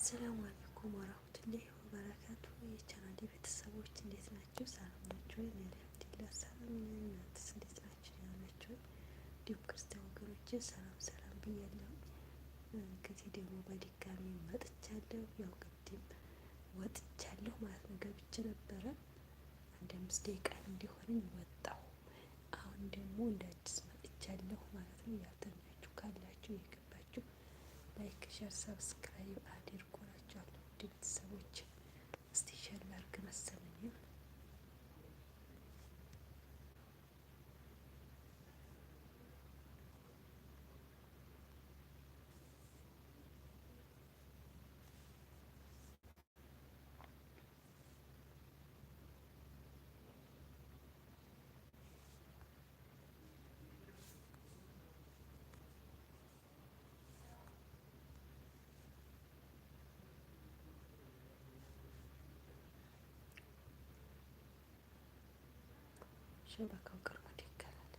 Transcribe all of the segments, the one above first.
አሰላሙ አለይኩም ወራህመቱላሂ ወበረካቱ። የቻናሌ ቤተሰቦች እንዴት ናቸው? ሰላም ናቸው? አልሐምዱሊላህ ሰላም ነን። እናንተስ እንዴት ናቸው? ያላቸው እንዲሁም ክርስቲያን ወገኖች ሰላም ሰላም ብያለሁ። እንግዲህ ደግሞ በድጋሚ መጥቻለሁ። ያው ቅድም ወጥቻለሁ ማለት ነው። ገብቼ ነበረ አንድ አምስት ደቂቃ እንዲሆነኝ ወጣሁ። አሁን ደግሞ እንደ አዲስ መጥቻለሁ ማለት ነው። ላይክ፣ ሸር፣ ሰብስክራይብ አድርጎ ናቸዋለሁ። ውድ ቤተሰቦች እስቲ ሸር ላርግ መሰለኝም ሸበካው ቅርሙድ ይገባል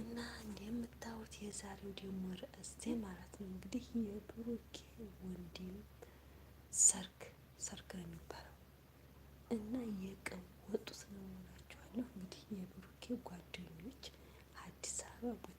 እና እንደምታዩት የዛሬው ደግሞ ርዕስቴ ማለት ነው እንግዲህ የብሩኬ ወንድም ሰርግ ሰርግ ነው የሚባለው እና የቀን ወጡት ነው ሆናችኋለሁ እንግዲህ የብሩኬ ጓደኞች አዲስ አበባ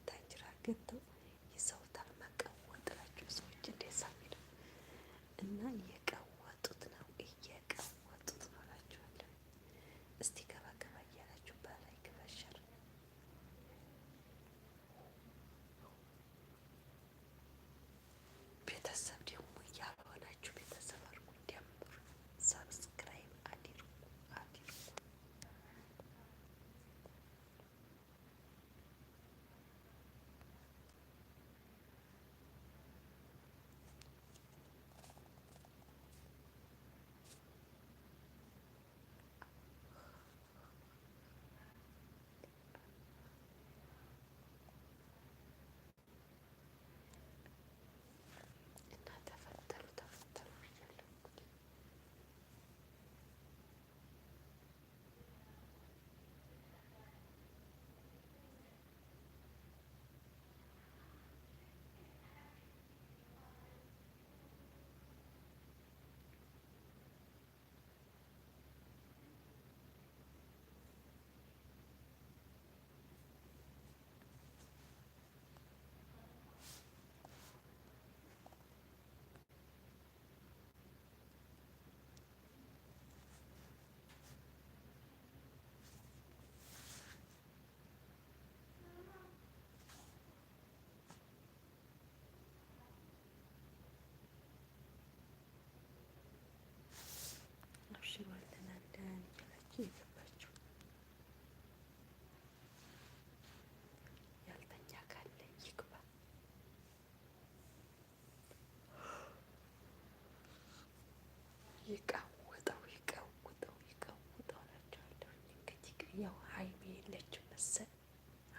ያው ሀይሜ የለችም መሰል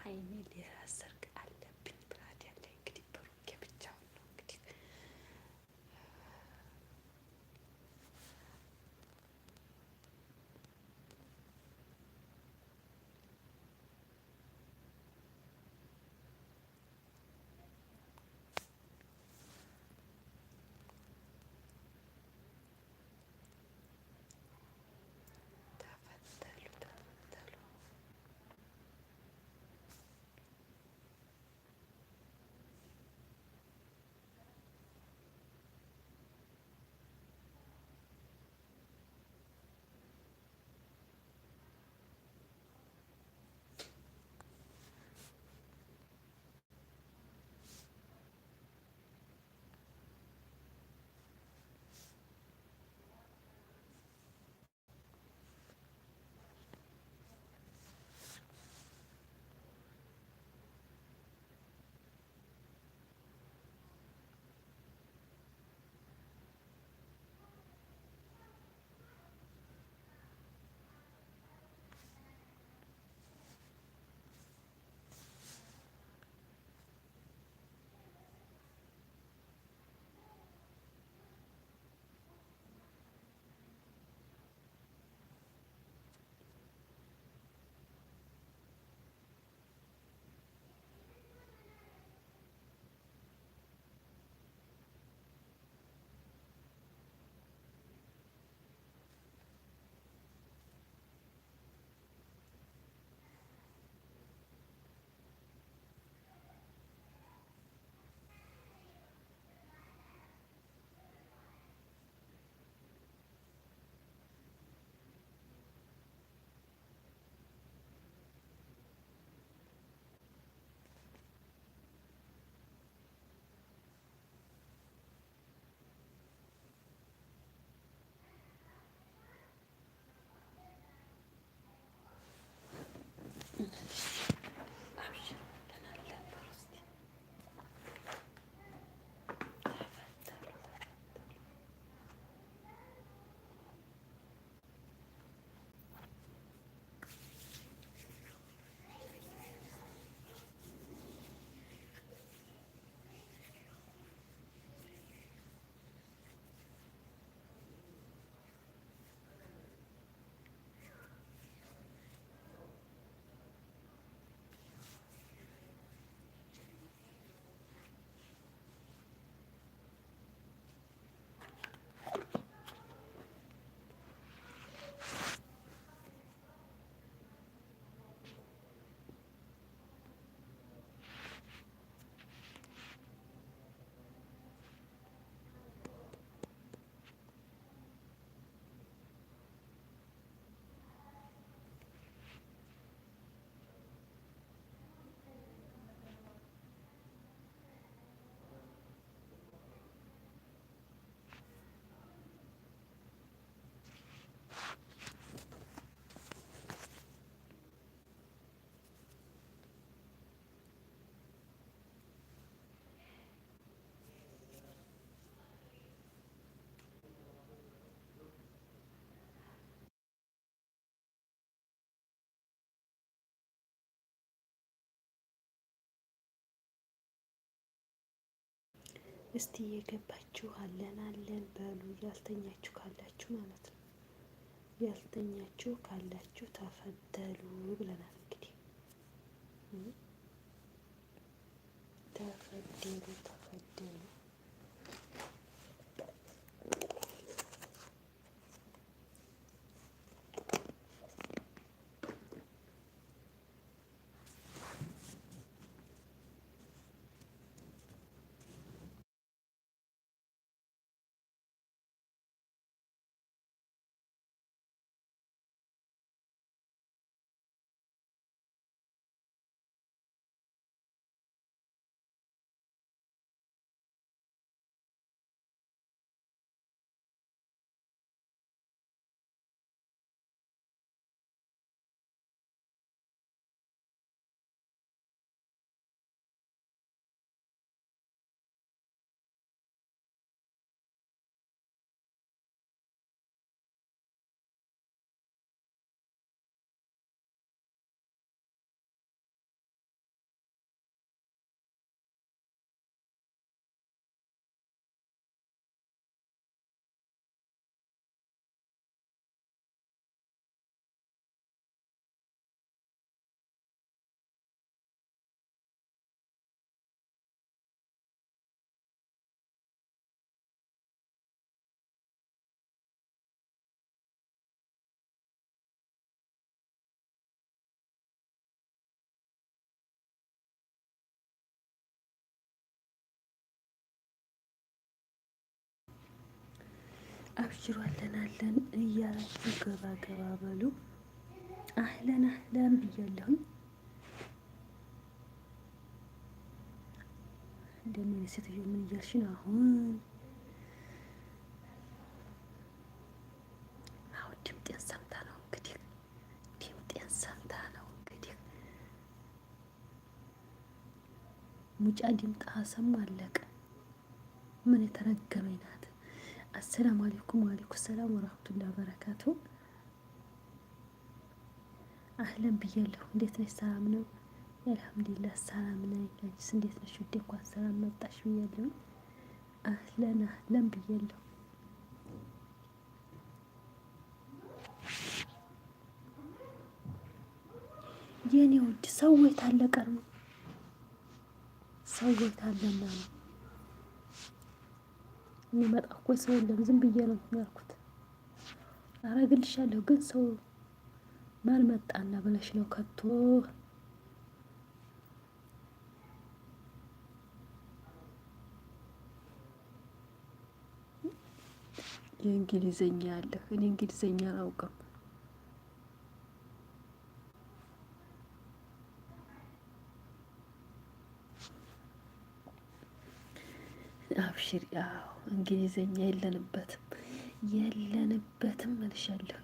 ሀይሜ ሌላ ሰርግ እስቲ እየገባችሁ አለን አለን በሉ ያልተኛችሁ ካላችሁ ማለት ነው። ያልተኛችሁ ካላችሁ ተፈተሉ ብለናል። እንግዲህ ተፈደሉ አብሽሩ አለን እያላችሁ ገባ ገባ በሉ። አህለን አህለን ብያለሁኝ። እንደምን ሴትዮ ምን እያልሽ ነው አሁን? አሁን ድምጤን ሰምታ ነው እንግዲህ ድምጤን ሰምታ ነው እንግዲህ ሙጫ ድምጣ ሰማ አለቀ። ምን የተረገመኝ ናት አሰላሙ አሌይኩም ወአሌይኩም ሰላም ወራህመቱላሂ ወበረካቱ። አህለን ብያለሁ። እንዴት ነሽ? ሰላም ነው? አልሐምዱሊላህ ሰላም ነኝ። አንቺስ እንዴት ነሽ ውዴ? እንኳን ሰላም መጣሽ ብያለሁ። አህለን አህለን ብያለሁ። የኔ ውድ ሰው የታለ ቀርሞ ሰው የታለና ነው የሚመጣ እኮ ሰው የለም። ዝም ብዬ ነው ያልኩት። አረግልሻለሁ ግን ሰው ማን መጣና ብለሽ ነው ከቶ የእንግሊዘኛ ያለህ እኔ እንግሊዘኛ አላውቅም። አብሽር። ያው እንግሊዘኛ የለንበትም የለንበትም መልሻለሁ።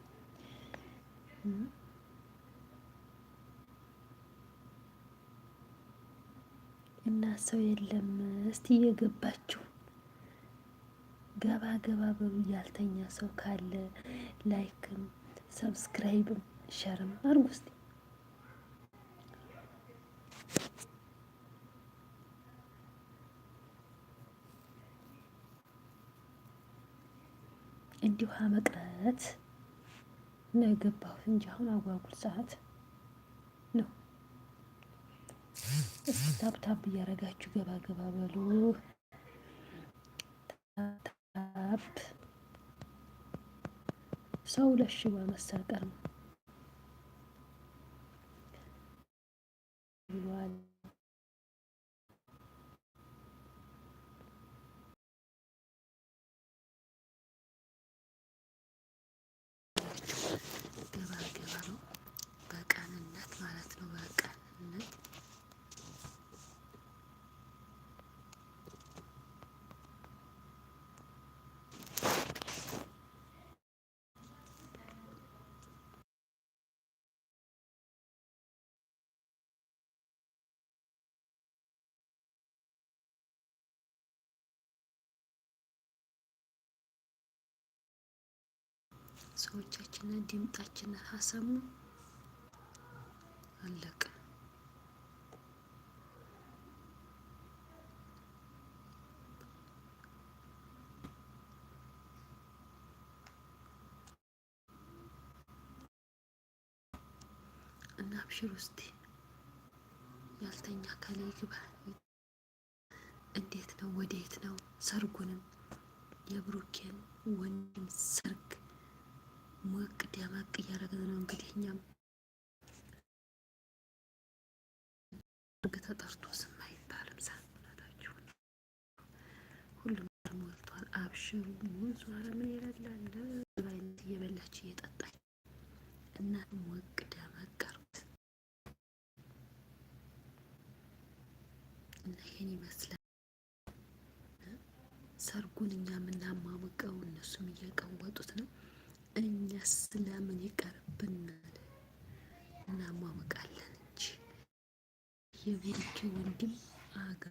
እና ሰው የለም። እስቲ እየገባችሁ ገባ ገባ በሉ። ያልተኛ ሰው ካለ ላይክም፣ ሰብስክራይብም ሸርም አድርጉ እስቲ። ውሃ መቅረት ነው የገባሁት እንጂ አሁን አጓጉል ሰዓት ነው። እስኪ ታብታብ እያረጋችሁ ገባ ገባ በሉ። ታብ ሰው ለሽባ መሳቀር ነው። ሰዎቻችንን ድምጣችንን ሀሰሙ አለቀ። እና አብሽር ውስጥ ያልተኛ ካለ ግባ። እንዴት ነው? ወዴት ነው? ሰርጉንም የብሩኬን ወንድም ሰርግ ሞቅ ደመቅ እያደረግን ነው እንግዲህ እኛም እርግ ተጠርቶ ስም አይባልም። ሳናታችሁ ሁሉም ሞልቷል። አብሽሩ ሙዝ ምን ይላል ባይነት እየበላች እየጠጣች እና ሞቅ ደመቅ አርጉት እና ይመስላል ሰርጉን እኛ የምናሟሙቀው እነሱም እየቀወጡት ነው። እኛስ ለምን ይቀርብናል? እናሟሙቃለን እንጂ የብሩኬ ወንድም አጋ